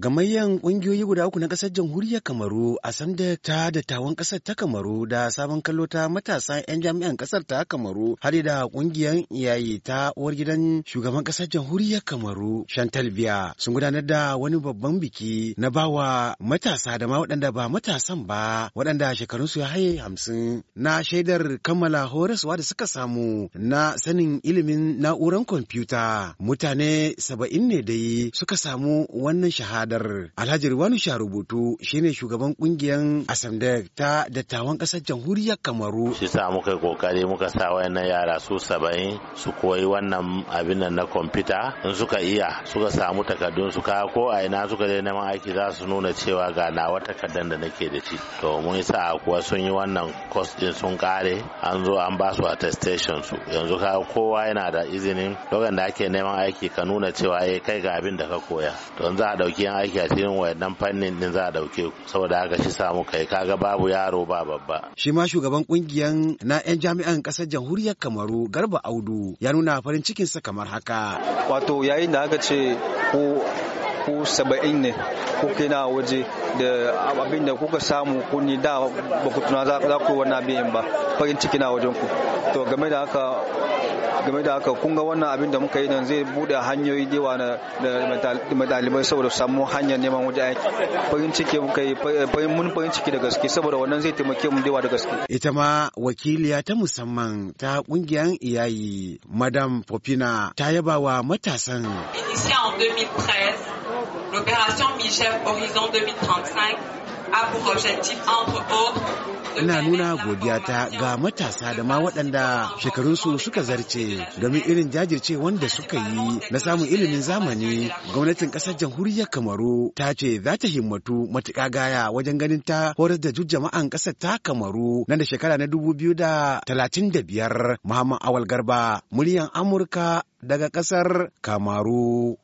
Gamayyan ƙungiyoyi guda uku na ƙasar jamhuriyar Kamaru a sanda ta dattawan ƙasar ta Kamaru da sabon kallo ta matasa 'yan jami'an ƙasar ta Kamaru har da ƙungiyar iyaye ta uwar gidan shugaban ƙasar jamhuriyar Kamaru Chantal Biya sun gudanar da wani babban biki na bawa matasa da ma waɗanda ba matasan ba waɗanda shekarunsu ya haye hamsin na shaidar kammala horaswa da suka samu na sanin ilimin na'uran kwamfuta mutane saba'in ne dai suka samu wannan shahada. fadar alhaji Riwanu Sharubutu shine shugaban kungiyar Asamdek ta dattawan kasar jamhuriyar Kamaru. Shi sa muka kokari muka sa wayannan yara su saba'in su koyi wannan abin nan na kwamfuta in suka iya suka samu takardun su ka ko a ina suka je neman aiki za su nuna cewa ga nawa takardan da nake da shi. To mun sa kuwa sun yi wannan course din sun kare an zo an ba su attestation su yanzu ka kowa yana da izinin lokacin da ake neman aiki ka nuna cewa eh kai ga abin da ka koya. To za a dauki yan aiki a cikin wayannan fannin din za a dauke saboda haka shi samu kai kaga babu yaro ba babba shi ma shugaban kungiyan na yan jami'an kasar jamhuriyar kamaru garba audu ya nuna farin sa kamar haka wato yayin da aka ce ko ko saba'in ne ko kina waje da abin da kuka samu ku ni da ba ku tuna za ku wani abin ba farin ciki na wajen ku to game da haka game da haka kun ga wannan abin da muka yi nan zai bude hanyoyi da yawa na dalibai saboda samu hanyar neman wajen aiki farin ciki muka yi mun farin ciki da gaske saboda wannan zai taimake mu da da gaske ita ma wakiliya ta musamman ta kungiyar iyayi madam popina ta yaba wa matasan Initié en 2013, l'opération Michel Horizon 2035 Ina nuna godiya ta ga matasa da ma waɗanda shekarunsu suka zarce game irin jajirce wanda suka yi na samun ilimin zamani gwamnatin ƙasar jamhuriyar Kamaru ta ce za ta himmatu matuƙa gaya wajen ganin ta horar da duk jama'an ƙasar ta Kamaru nan da shekara na dubu biyu da talatin da biyar Muhammad Awal Garba muryan Amurka daga ƙasar Kamaru.